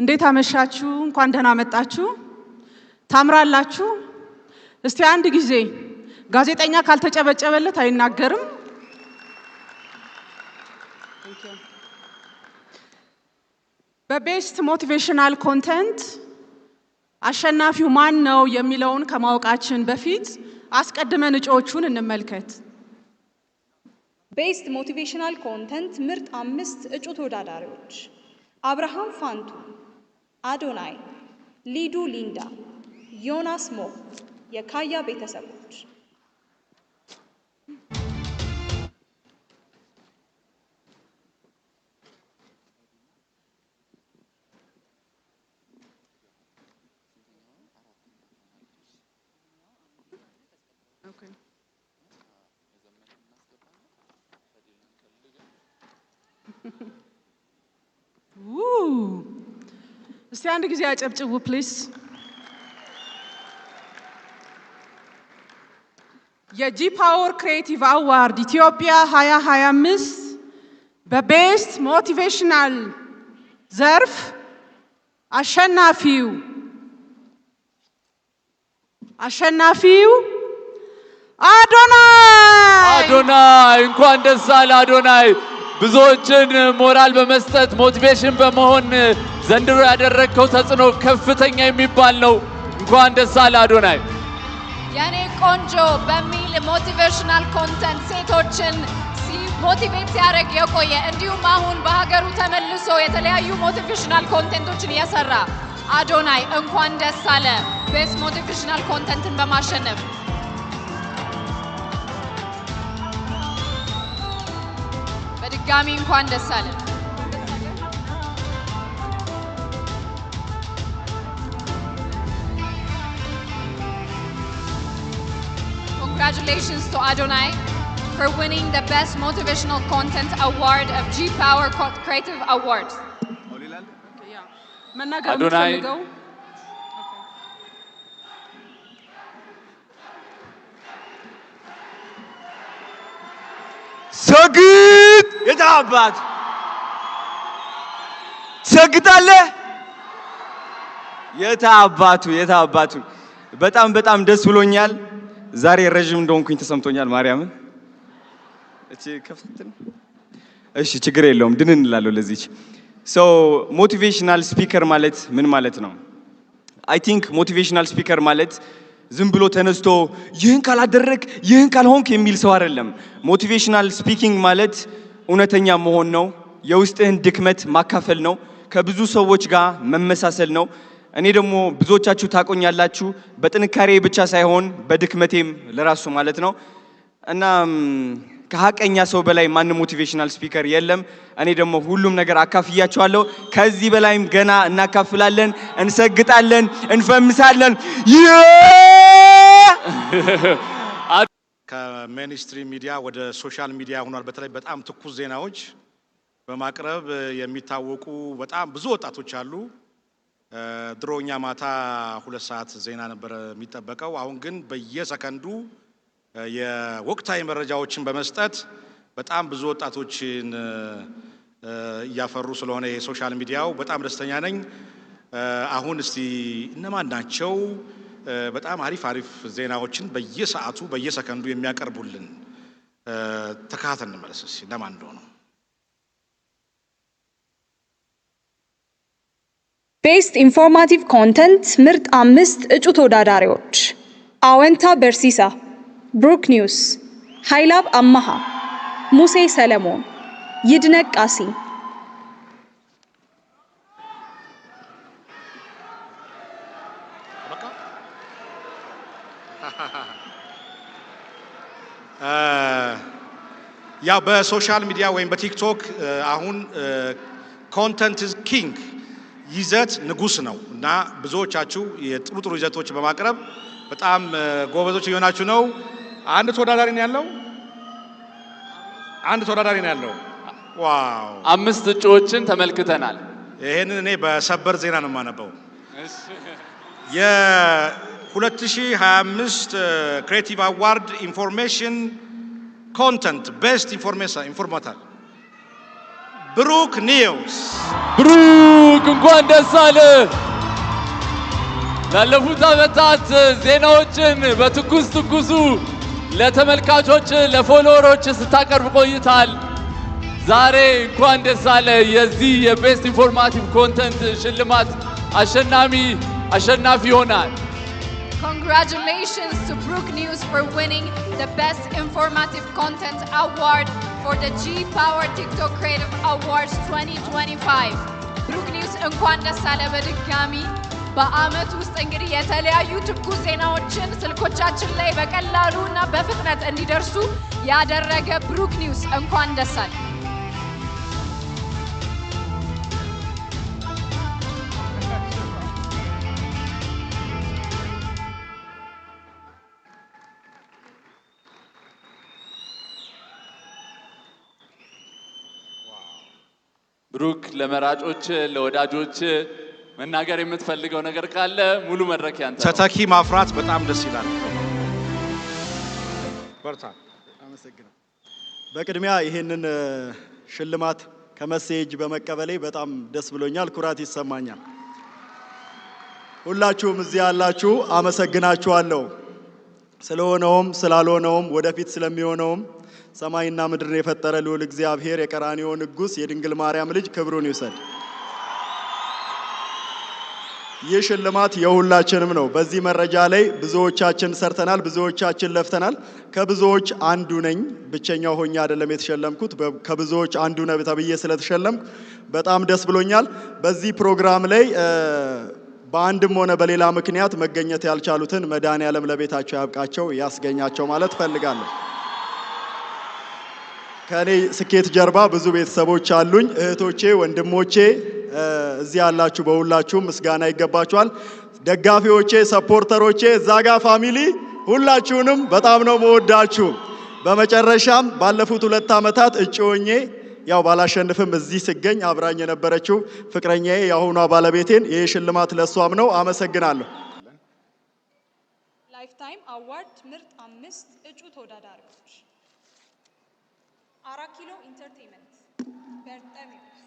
እንዴት አመሻችሁ? እንኳን ደህና መጣችሁ። ታምራላችሁ። እስቲ አንድ ጊዜ ጋዜጠኛ ካልተጨበጨበለት አይናገርም። በቤስት ሞቲቬሽናል ኮንተንት አሸናፊው ማን ነው የሚለውን ከማወቃችን በፊት አስቀድመን እጩዎቹን እንመልከት። ቤስት ሞቲቬሽናል ኮንተንት ምርጥ አምስት እጩ ተወዳዳሪዎች አብርሃም ፋንቱ አዶናይ፣ ሊዱ፣ ሊንዳ፣ ዮናስ ሞ የካያ ቤተሰቦች Okay. እስቲ አንድ ጊዜ አጨብጭቡ ፕሊስ። የጂ ፓወር ክሬቲቭ አዋርድ ኢትዮጵያ 2025 በቤስት ሞቲቬሽናል ዘርፍ አሸናፊው አሸናፊው አዶናይ አዶናይ እንኳን ደስ አለ አዶናይ ብዙዎችን ሞራል በመስጠት ሞቲቬሽን በመሆን ዘንድሮ ያደረግከው ተጽዕኖ ከፍተኛ የሚባል ነው። እንኳን ደስ አለ አዶናይ። የኔ ቆንጆ በሚል ሞቲቬሽናል ኮንተንት ሴቶችን ሞቲቬት ሲያደርግ የቆየ እንዲሁም አሁን በሀገሩ ተመልሶ የተለያዩ ሞቲቬሽናል ኮንቴንቶችን የሰራ አዶናይ እንኳን ደስ አለ ቤስት ሞቲቬሽናል ኮንተንትን በማሸነፍ። በድጋሚ እንኳን ደስ አለ። congratulations to Adonai for winning the Best Motivational Content Award of G Power Creative Awards. Adonai. ሰግጥ የታባት ሰግጣለህ የታባቱ የታባቱ በጣም በጣም ደስ ብሎኛል። ዛሬ ረዥም እንደሆንኩኝ ተሰምቶኛል። ማርያምን እቺ ከፍትን እሺ፣ ችግር የለውም ድን እንላለሁ። ለዚች ሰው ሞቲቬሽናል ስፒከር ማለት ምን ማለት ነው? አይ ቲንክ ሞቲቬሽናል ስፒከር ማለት ዝም ብሎ ተነስቶ ይህን ካላደረግ ይህን ካልሆንክ የሚል ሰው አይደለም። ሞቲቬሽናል ስፒኪንግ ማለት እውነተኛ መሆን ነው። የውስጥህን ድክመት ማካፈል ነው። ከብዙ ሰዎች ጋር መመሳሰል ነው። እኔ ደግሞ ብዙዎቻችሁ ታቆኛላችሁ በጥንካሬ ብቻ ሳይሆን በድክመቴም ለራሱ ማለት ነው እና ከሀቀኛ ሰው በላይ ማንም ሞቲቬሽናል ስፒከር የለም። እኔ ደግሞ ሁሉም ነገር አካፍያቸዋለሁ። ከዚህ በላይም ገና እናካፍላለን፣ እንሰግጣለን፣ እንፈምሳለን። ከሜንስትሪ ሚዲያ ወደ ሶሻል ሚዲያ ሆኗል። በተለይ በጣም ትኩስ ዜናዎች በማቅረብ የሚታወቁ በጣም ብዙ ወጣቶች አሉ። ድሮኛ ማታ ሁለት ሰዓት ዜና ነበር የሚጠበቀው። አሁን ግን በየሰከንዱ የወቅታዊ መረጃዎችን በመስጠት በጣም ብዙ ወጣቶችን እያፈሩ ስለሆነ የሶሻል ሚዲያው በጣም ደስተኛ ነኝ። አሁን እስቲ እነማን ናቸው በጣም አሪፍ አሪፍ ዜናዎችን በየሰዓቱ በየሰከንዱ የሚያቀርቡልን? ተካተን እንመለስ እነማን እንደሆነው ቤስት ኢንፎርማቲቭ ኮንተንት ምርጥ አምስት እጩ ተወዳዳሪዎች አወንታ በርሲሳ፣ ብሩክ ኒውስ፣ ኃይላብ አማሃ፣ ሙሴ ሰለሞን፣ ይድነቅ ቃሲ። ያ በሶሻል ሚዲያ ወይም በቲክቶክ አሁን ኮንተንት ኪንግ ይዘት ንጉስ ነው እና ብዙዎቻችሁ የጥሩ ጥሩ ይዘቶች በማቅረብ በጣም ጎበዞች እየሆናችሁ ነው። አንድ ተወዳዳሪ ነው ያለው። አንድ ተወዳዳሪ ነው ያለው። ዋው! አምስት እጩዎችን ተመልክተናል። ይሄንን እኔ በሰበር ዜና ነው የማነበው። የ2025 ክሬቲቭ አዋርድ ኢንፎርሜሽን ኮንተንት ቤስት ኢንፎርሜሽን ኢንፎርማታል ብሩክ ኒውስ። ብሩክ እንኳን ደስ አለ። ላለፉት ዓመታት ዜናዎችን በትኩስ ትኩሱ ለተመልካቾች ለፎሎወሮች ስታቀርብ ቆይታል። ዛሬ እንኳን ደስ አለ። የዚህ የቤስት ኢንፎርማቲቭ ኮንተንት ሽልማት አሸናሚ አሸናፊ ይሆናል። Congratulations to Brook News for winning the Best Informative Content Award for the G-Power TikTok Creative Awards 2025. Brook News and Kwanda አለ በድጋሚ በአመት ውስጥ እንግዲህ የተለያዩ ትኩስ ዜናዎችን ስልኮቻችን ላይ በቀላሉ እና በፍጥነት እንዲደርሱ ያደረገ ብሩክ ኒውስ እንኳን ደስ ብሩክ ለመራጮች ለወዳጆች መናገር የምትፈልገው ነገር ካለ ሙሉ መድረክ ያንተ። ተተኪ ማፍራት በጣም ደስ ይላል። በርታ። አመሰግናለሁ። በቅድሚያ ይህንን ሽልማት ከመሴ እጅ በመቀበሌ በጣም ደስ ብሎኛል፣ ኩራት ይሰማኛል። ሁላችሁም እዚህ ያላችሁ አመሰግናችኋለሁ። ስለሆነውም ስላልሆነውም ወደፊት ስለሚሆነውም ሰማይና ምድርን የፈጠረ ልዑል እግዚአብሔር የቀራኒዮ ንጉሥ የድንግል ማርያም ልጅ ክብሩን ይውሰድ። ይህ ሽልማት የሁላችንም ነው። በዚህ መረጃ ላይ ብዙዎቻችን ሰርተናል፣ ብዙዎቻችን ለፍተናል። ከብዙዎች አንዱ ነኝ። ብቸኛው ሆኜ አይደለም የተሸለምኩት፣ ከብዙዎች አንዱ ነኝ ተብዬ ስለተሸለምኩ በጣም ደስ ብሎኛል። በዚህ ፕሮግራም ላይ በአንድም ሆነ በሌላ ምክንያት መገኘት ያልቻሉትን መድኃኔዓለም ለቤታቸው ያብቃቸው፣ ያስገኛቸው ማለት ፈልጋለሁ። ከኔ ስኬት ጀርባ ብዙ ቤተሰቦች አሉኝ። እህቶቼ፣ ወንድሞቼ እዚህ ያላችሁ በሁላችሁም ምስጋና ይገባችኋል። ደጋፊዎቼ፣ ሰፖርተሮቼ፣ ዛጋ ፋሚሊ፣ ሁላችሁንም በጣም ነው መወዳችሁ። በመጨረሻም ባለፉት ሁለት ዓመታት እጩ ሆኜ ያው ባላሸንፍም እዚህ ስገኝ አብራኝ የነበረችው ፍቅረኛዬ የአሁኗ ባለቤቴን ይህ ሽልማት ለእሷም ነው። አመሰግናለሁ። ላይፍታይም አዋርድ ምርጥ አምስት እጩ ተወዳዳሪዎች አራት ኪሎ ኢንተርቴንመንት፣ በርጠሚዎስ፣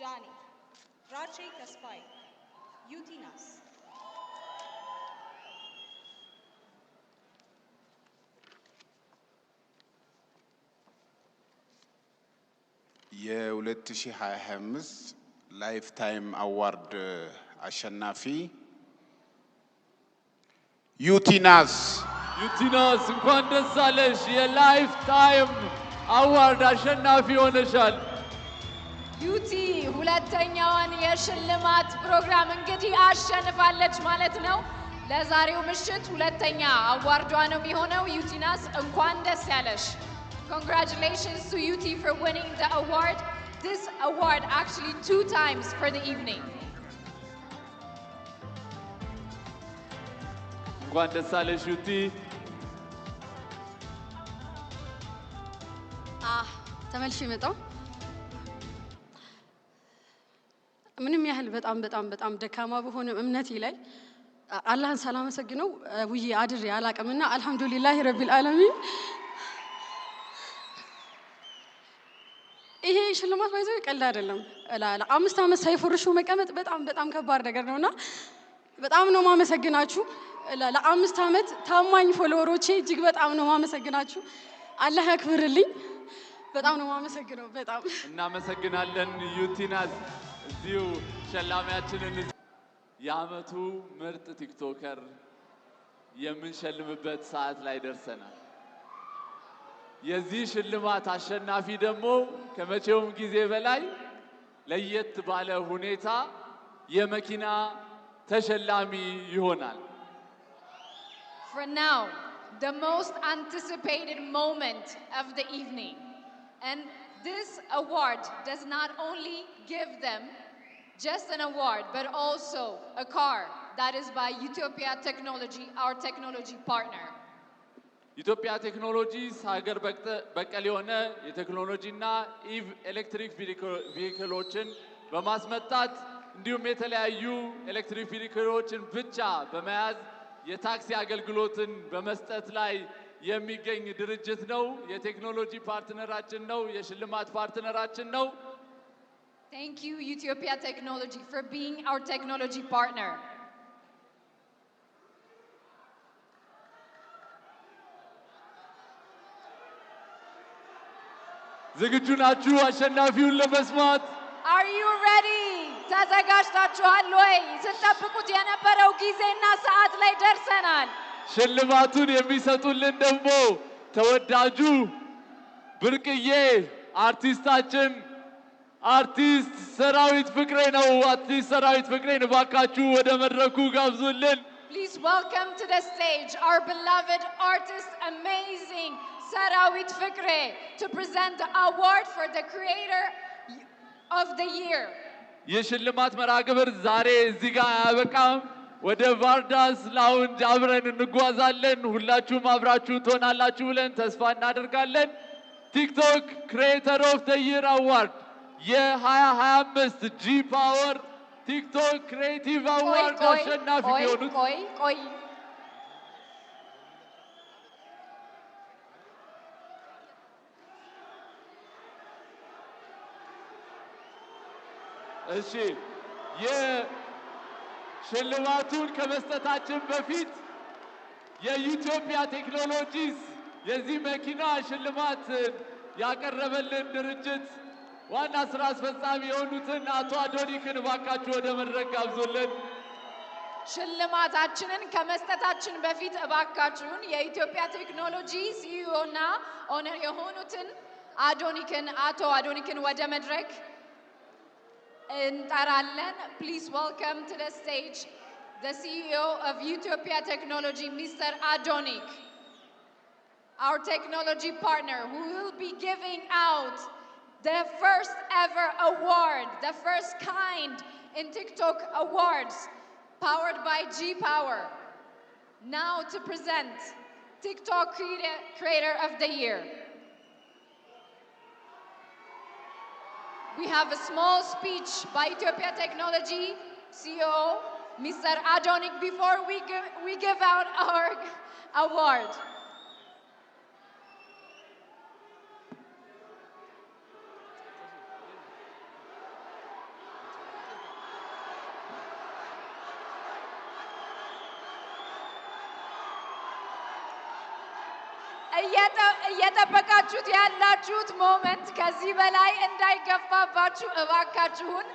ጃኒ፣ ራቼ ተስፋዬ፣ ዩቲናስ የ2025 ላይፍ ታይም አዋርድ አሸናፊ ዩቲናስ ዩቲናስ፣ እንኳን ደስ አለሽ! የላይፍ ታይም አዋርድ አሸናፊ ሆነሻል። ዩቲ ሁለተኛዋን የሽልማት ፕሮግራም እንግዲህ አሸንፋለች ማለት ነው። ለዛሬው ምሽት ሁለተኛ አዋርዷ ነው የሚሆነው። ዩቲናስ እንኳን ደስ ያለሽ! Congratulations to UT for winning the award. This award actually two times for the evening. እንኳን ደስ አለሽ ዩቲ። ተመልሼ መጣሁ። ምንም ያህል በጣም በጣም በጣም ደካማ በሆነ እምነቴ ላይ አላህን ሳላመሰግነው ውዬ አድሬ አላቅምና አልሐምዱሊላህ ረቢል ዓለሚን ይህ ሽልማት ባይዘው ቀልድ አይደለም። አምስት ዓመት ሳይፈርሹ መቀመጥ በጣም በጣም ከባድ ነገር ነውና በጣም ነው ማመሰግናችሁ። ለአምስት ዓመት ታማኝ ፎሎወሮቼ እጅግ በጣም ነው ማመሰግናችሁ። አላህ ያክብርልኝ። በጣም ነው ማመሰግነው። በጣም እናመሰግናለን። ዩቲናዝ እዚሁ ሸላሚያችንን የአመቱ ምርጥ ቲክቶከር የምንሸልምበት ሰዓት ላይ ደርሰናል። የዚህ ሽልማት አሸናፊ ደግሞ ከመቼውም ጊዜ በላይ ለየት ባለ ሁኔታ የመኪና ተሸላሚ ይሆናል። For now, the most anticipated moment of the evening. And this award does not only give them just an award, but also a car that is by Utopia Technology, our technology partner. ኢትዮጵያ ቴክኖሎጂስ ሀገር በቀል የሆነ የቴክኖሎጂና ኢቭ ኤሌክትሪክ ቪሂክሎችን በማስመጣት እንዲሁም የተለያዩ ኤሌክትሪክ ቪሂክሎችን ብቻ በመያዝ የታክሲ አገልግሎትን በመስጠት ላይ የሚገኝ ድርጅት ነው። የቴክኖሎጂ ፓርትነራችን ነው። የሽልማት ፓርትነራችን ነው። Thank you, Ethiopia Technology, for being our technology partner. ዝግጁ ናችሁ አሸናፊውን ለመስማት? አር ዩ ሬዲ ተዘጋጅታችኋል ወይ? ስንጠብቁት የነበረው ጊዜና ሰዓት ላይ ደርሰናል። ሽልማቱን የሚሰጡልን ደግሞ ተወዳጁ ብርቅዬ አርቲስታችን አርቲስት ሰራዊት ፍቅሬ ነው። አርቲስት ሰራዊት ፍቅሬን እባካችሁ ወደ መድረኩ ጋብዙልን። ፕሊዝ ዌልከም ቱ ዘ ስቴጅ አወር ቢሎቭድ አርቲስት አሜዚንግ Sarawi Fikri to present the award for the creator of the year. የሽልማት መርሃ ግብር ዛሬ እዚህ ጋር አያበቃም። ወደ ቫርዳስ ላውንጅ አብረን እንጓዛለን። ሁላችሁም አብራችሁ ትሆናላችሁ ብለን ተስፋ እናደርጋለን። ቲክቶክ ክሬተር ኦፍ ደ ይር አዋርድ የ2025 ጂ ፓወር ቲክቶክ ክሬቲቭ አዋርድ አሸናፊ የሆኑት ቆይ ቆይ እሺ የሽልማቱን ከመስጠታችን በፊት የኢትዮጵያ ቴክኖሎጂስ የዚህ መኪና ሽልማት ያቀረበልን ድርጅት ዋና ስራ አስፈጻሚ የሆኑትን አቶ አዶኒክን እባካችሁ ወደ መድረክ ጋብዞልን ሽልማታችንን ከመስጠታችን በፊት እባካችሁን የኢትዮጵያ ቴክኖሎጂ ሲኢኦ እና ኦነር የሆኑትን አዶኒክን አቶ አዶኒክን ወደ መድረክ please welcome to the stage the CEO of Utopia Technology, Mr. Adonik, our technology partner, who will be giving out the first ever award, the first kind in TikTok awards, powered by G Power. Now to present TikTok Creator of the Year. we have a small speech by Ethiopia Technology CEO, Mr. Adonik, before we give, we give out our award. እየጠበቃችሁት ያላችሁት ሞመንት ከዚህ በላይ እንዳይገፋባችሁ እባካችሁን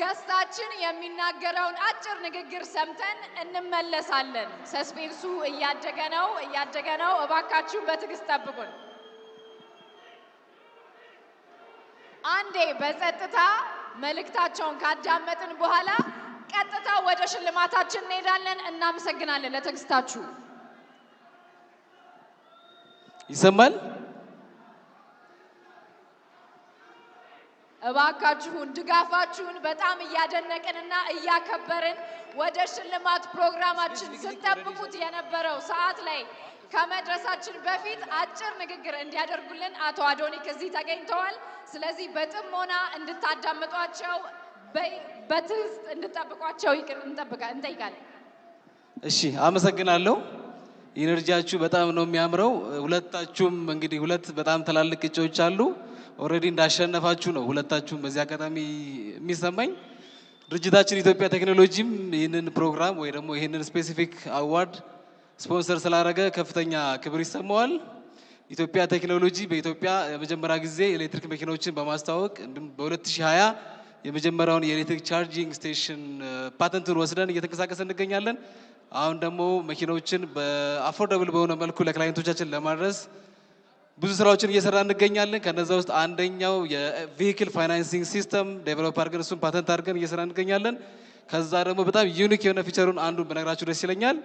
ገስታችን የሚናገረውን አጭር ንግግር ሰምተን እንመለሳለን። ሰስፔንሱ እያደገ ነው እያደገ ነው። እባካችሁ በትዕግስት ጠብቁን። አንዴ በጸጥታ መልእክታቸውን ካዳመጥን በኋላ ቀጥታ ወደ ሽልማታችን እንሄዳለን። እናመሰግናለን ለትዕግስታችሁ። ይሰማል። እባካችሁን ድጋፋችሁን በጣም እያደነቅንና እያከበርን ወደ ሽልማት ፕሮግራማችን ስንጠብቁት የነበረው ሰዓት ላይ ከመድረሳችን በፊት አጭር ንግግር እንዲያደርጉልን አቶ አዶኒክ እዚህ ተገኝተዋል። ስለዚህ በጥሞና እንድታዳምጧቸው በትዕግስት እንድጠብቋቸው እንጠይቃለን። እሺ፣ አመሰግናለሁ። ኢነርጂያችሁ በጣም ነው የሚያምረው። ሁለታችሁም እንግዲህ ሁለት በጣም ትላልቅ እጩዎች አሉ። ኦልሬዲ እንዳሸነፋችሁ ነው ሁለታችሁም በዚህ አጋጣሚ የሚሰማኝ። ድርጅታችን ኢትዮጵያ ቴክኖሎጂም ይህንን ፕሮግራም ወይ ደግሞ ይህንን ስፔሲፊክ አዋርድ ስፖንሰር ስላደረገ ከፍተኛ ክብር ይሰማዋል። ኢትዮጵያ ቴክኖሎጂ በኢትዮጵያ የመጀመሪያ ጊዜ ኤሌክትሪክ መኪናዎችን በማስተዋወቅ እንዲሁም በ2020 የመጀመሪያውን የኤሌክትሪክ ቻርጂንግ ስቴሽን ፓተንቱን ወስደን እየተንቀሳቀሰ እንገኛለን። አሁን ደግሞ መኪናዎችን በአፎርደብል በሆነ መልኩ ለክላይንቶቻችን ለማድረስ ብዙ ስራዎችን እየሰራ እንገኛለን። ከነዛ ውስጥ አንደኛው የቪሂክል ፋይናንሲንግ ሲስተም ዴቨሎፕ አድርገን እሱን ፓተንት አድርገን እየሰራ እንገኛለን። ከዛ ደግሞ በጣም ዩኒክ የሆነ ፊቸሩን አንዱን በነግራችሁ ደስ ይለኛል።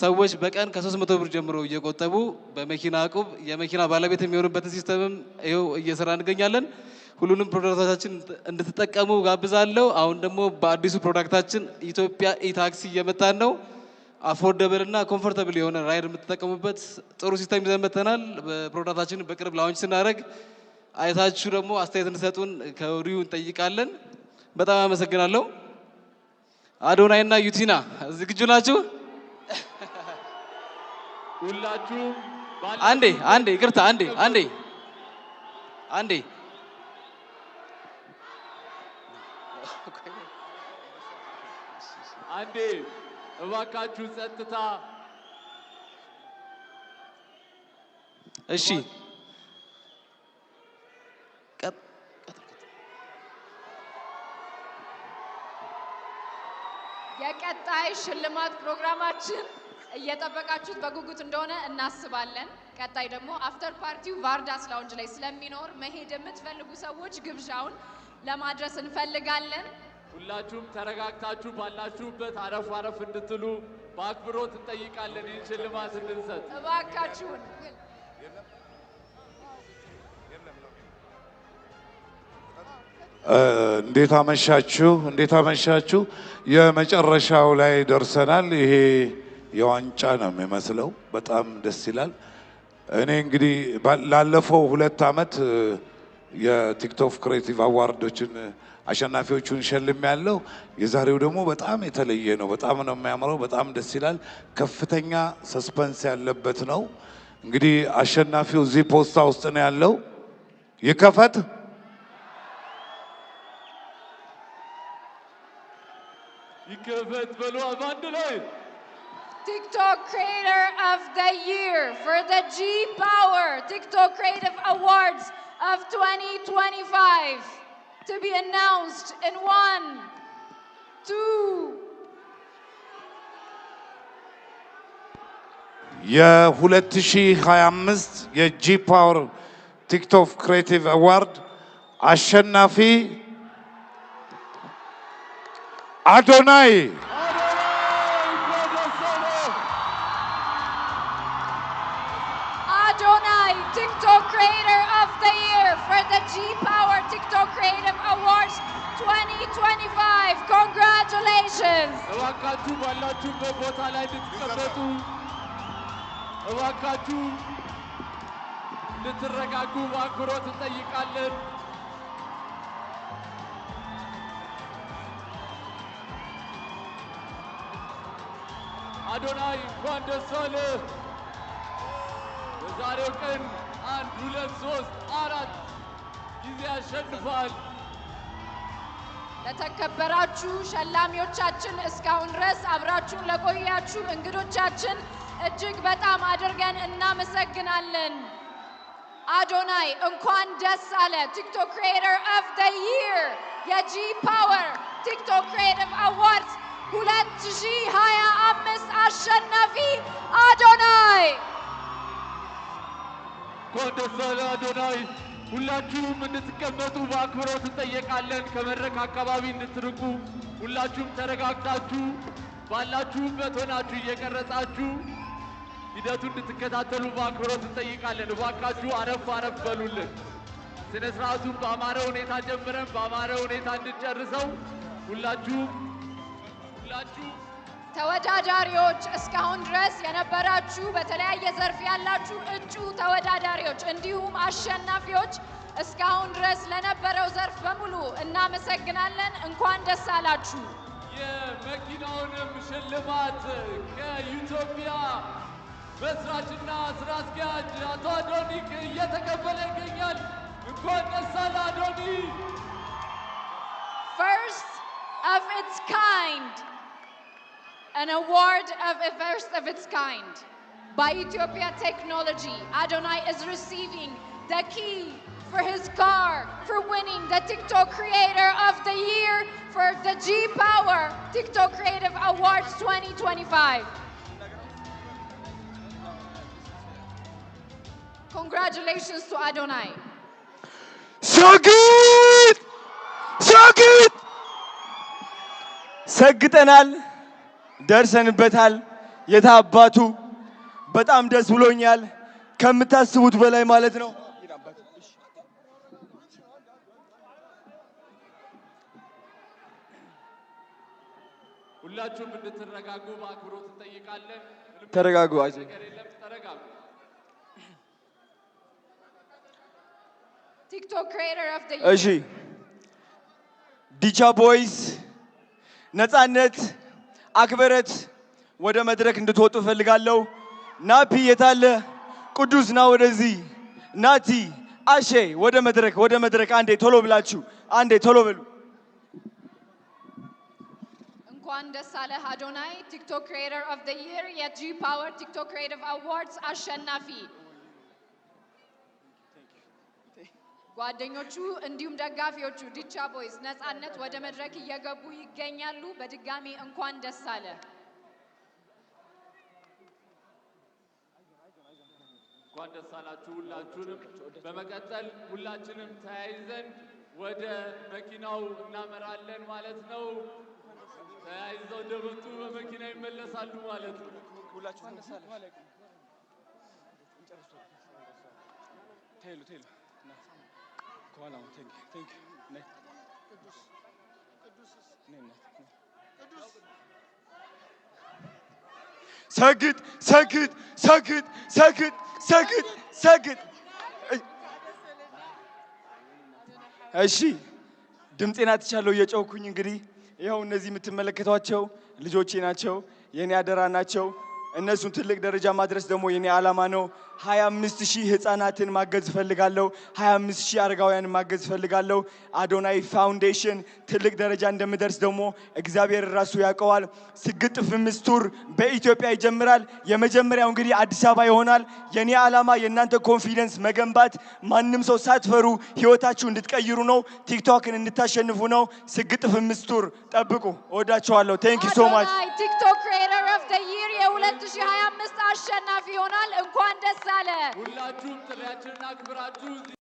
ሰዎች በቀን ከሶስት መቶ ብር ጀምሮ እየቆጠቡ በመኪና አቁብ የመኪና ባለቤት የሚሆኑበትን ሲስተምም ይኸው እየሰራ እንገኛለን። ሁሉንም ፕሮዳክታችን እንድትጠቀሙ ጋብዛለሁ። አሁን ደግሞ በአዲሱ ፕሮዳክታችን ኢትዮጵያ ኢታክሲ እየመጣን ነው። አፎርደብል እና ኮምፎርተብል የሆነ ራይድ የምትጠቀሙበት ጥሩ ሲስተም ይዘን መጥተናል። በቅርብ ላውንች ስናደርግ አይታችሁ ደግሞ አስተያየት እንሰጡን ከወዲሁ እንጠይቃለን። በጣም አመሰግናለሁ። አዶናይ እና ዩቲና ዝግጁ ናችሁ? ሁላችሁም አንዴ አንዴ ይቅርታ አንዴ አንዴ አንዴ አንዴ እባካችሁ ጸጥታ። እሺ የቀጣይ ሽልማት ፕሮግራማችን እየጠበቃችሁት በጉጉት እንደሆነ እናስባለን። ቀጣይ ደግሞ አፍተር ፓርቲው ቫርዳስ ላውንጅ ላይ ስለሚኖር መሄድ የምትፈልጉ ሰዎች ግብዣውን ለማድረስ እንፈልጋለን። ሁላችሁም ተረጋግታችሁ ባላችሁበት አረፍ አረፍ እንድትሉ በአክብሮት እንጠይቃለን። ይህን ሽልማት እንድንሰጥ እባካችሁን እንዴት አመሻችሁ፣ እንዴት አመሻችሁ። የመጨረሻው ላይ ደርሰናል። ይሄ የዋንጫ ነው የሚመስለው። በጣም ደስ ይላል። እኔ እንግዲህ ላለፈው ሁለት ዓመት የቲክቶክ ክሬቲቭ አዋርዶችን አሸናፊዎቹን ሸልም ያለው የዛሬው ደግሞ በጣም የተለየ ነው። በጣም ነው የሚያምረው። በጣም ደስ ይላል። ከፍተኛ ሰስፐንስ ያለበት ነው። እንግዲህ አሸናፊው እዚህ ፖስታ ውስጥ ነው ያለው። ይከፈት TikTok Creator of the Year for the G Power TikTok Creative Awards of 2025 to be announced in one, two. የ2025 የጂ ፓወር ቲክቶክ ክሬቲቭ አዋርድ አሸናፊ Adonai. Adonai TikTok Creator of the Year for the G Power TikTok Creative Awards 2025. Congratulations. እባካችሁ ልትረጋጉ በአክብሮት እንጠይቃለን። አዶናይ እንኳን ደስ አለ በዛሬው ቀን አንድ ሁለት ሶስት አራት ጊዜ ያሸንፋል። ለተከበራችሁ ሸላሚዎቻችን፣ እስካሁን ድረስ አብራችሁን ለቆያችሁ እንግዶቻችን እጅግ በጣም አድርገን እናመሰግናለን። አዶናይ እንኳን ደስ አለ። ቲክቶክ ክሪኤተር ኦፍ ዘ ይር የጂ ፓወር ቲክቶክ ክሪኤቲቭ አዋርድስ 2020 አሸናፊ አዶናይ። እንኳን ደስ አለ አዶናይ። ሁላችሁም እንድትቀመጡ በአክብሮት እንጠየቃለን። ከመድረክ አካባቢ እንድትርቁ ሁላችሁም ተረጋግታችሁ ባላችሁበት ሆናችሁ እየቀረጻችሁ ሂደቱ እንድትከታተሉ በአክብሮት እንጠይቃለን። እባካችሁ አረፍ አረፍ በሉልን። ስነ ስርዓቱን በአማረ ሁኔታ ጀምረን በአማረ ሁኔታ እንድንጨርሰው ሁላችሁም ሁላችሁም ተወዳዳሪዎች እስካሁን ድረስ የነበራችሁ በተለያየ ዘርፍ ያላችሁ እጩ ተወዳዳሪዎች እንዲሁም አሸናፊዎች እስካሁን ድረስ ለነበረው ዘርፍ በሙሉ እናመሰግናለን። እንኳን ደስ አላችሁ። የመኪናውንም ሽልማት ከኢትዮጵያ መስራችና ስራ አስኪያጅ አቶ አዶኒክ እየተቀበለ ይገኛል። እንኳን ደስ አለ አዶኒ። ፈርስት ኦፍ ኢትስ ካይንድ an award of a first of its kind by Ethiopia Technology. Adonai is receiving the key for his car for winning the TikTok Creator of the Year for the G Power TikTok Creative Awards 2025. Congratulations to Adonai. ሸግጥ ሸግጥ ሰግጠናል ደርሰንበታል። የታ አባቱ በጣም ደስ ብሎኛል፣ ከምታስቡት በላይ ማለት ነው። ሁላችሁም እንድትረጋጉ በአክብሮት እንጠይቃለን። ተረጋጉ። እሺ ዲቻ ቦይስ ነፃነት አክበረት ወደ መድረክ እንድትወጡ እፈልጋለሁ። ናፒ የታለ? ቅዱስ ና ወደዚህ። ናቲ አሼ ወደ መድረክ ወደ መድረክ። አንዴ ቶሎ ብላችሁ አንዴ ቶሎ ብሉ። እንኳን ደስ አለህ አዶናይ ቲክቶክ ክሪኤተር ኦፍ ዘ ይር የጂ ፓወር ቲክቶክ ክሪኤቲቭ አዋርድስ አሸናፊ ጓደኞቹ እንዲሁም ደጋፊዎቹ ዲቻ ቦይስ ነፃነት ወደ መድረክ እየገቡ ይገኛሉ። በድጋሚ እንኳን ደስ አለ። እንኳን ደስ አላችሁ ሁላችሁንም። በመቀጠል ሁላችንም ተያይዘን ወደ መኪናው እናመራለን ማለት ነው። ተያይዘው ደመቱ በመኪና ይመለሳሉ ማለት ነው። ከኋላ ሰግጥ ሰግጥ ሰግጥ ሰግጥ ሰግጥ ሰግጥ። እሺ ድምፄን አጥቻለሁ እየጮኩኝ። እንግዲህ ይኸው እነዚህ የምትመለከቷቸው ልጆቼ ናቸው፣ የእኔ አደራ ናቸው። እነሱን ትልቅ ደረጃ ማድረስ ደግሞ የኔ ዓላማ ነው። 25 ሺህ ህፃናትን ማገዝ እፈልጋለሁ። 25 ሺህ አረጋውያን ማገዝ እፈልጋለሁ። አዶናይ ፋውንዴሽን ትልቅ ደረጃ እንደምደርስ ደግሞ እግዚአብሔር ራሱ ያውቀዋል። ስግጥ ፍምስት በኢትዮጵያ ይጀምራል። የመጀመሪያው እንግዲህ አዲስ አበባ ይሆናል። የኔ ዓላማ የእናንተ ኮንፊደንስ መገንባት፣ ማንም ሰው ሳትፈሩ ህይወታችሁ እንድትቀይሩ ነው። ቲክቶክን እንድታሸንፉ ነው። ስግጥ ፍምስት ቱር ጠብቁ። እወዳችኋለሁ። ቴንክ ዩ ሶ ማች። ቲክቶክ ክሬተር ኦፍ ዘ ይር የ2025 አሸናፊ ይሆናል። እንኳን ደስ አለ። ሁላችሁም ጥሪያችንን አክብራችሁ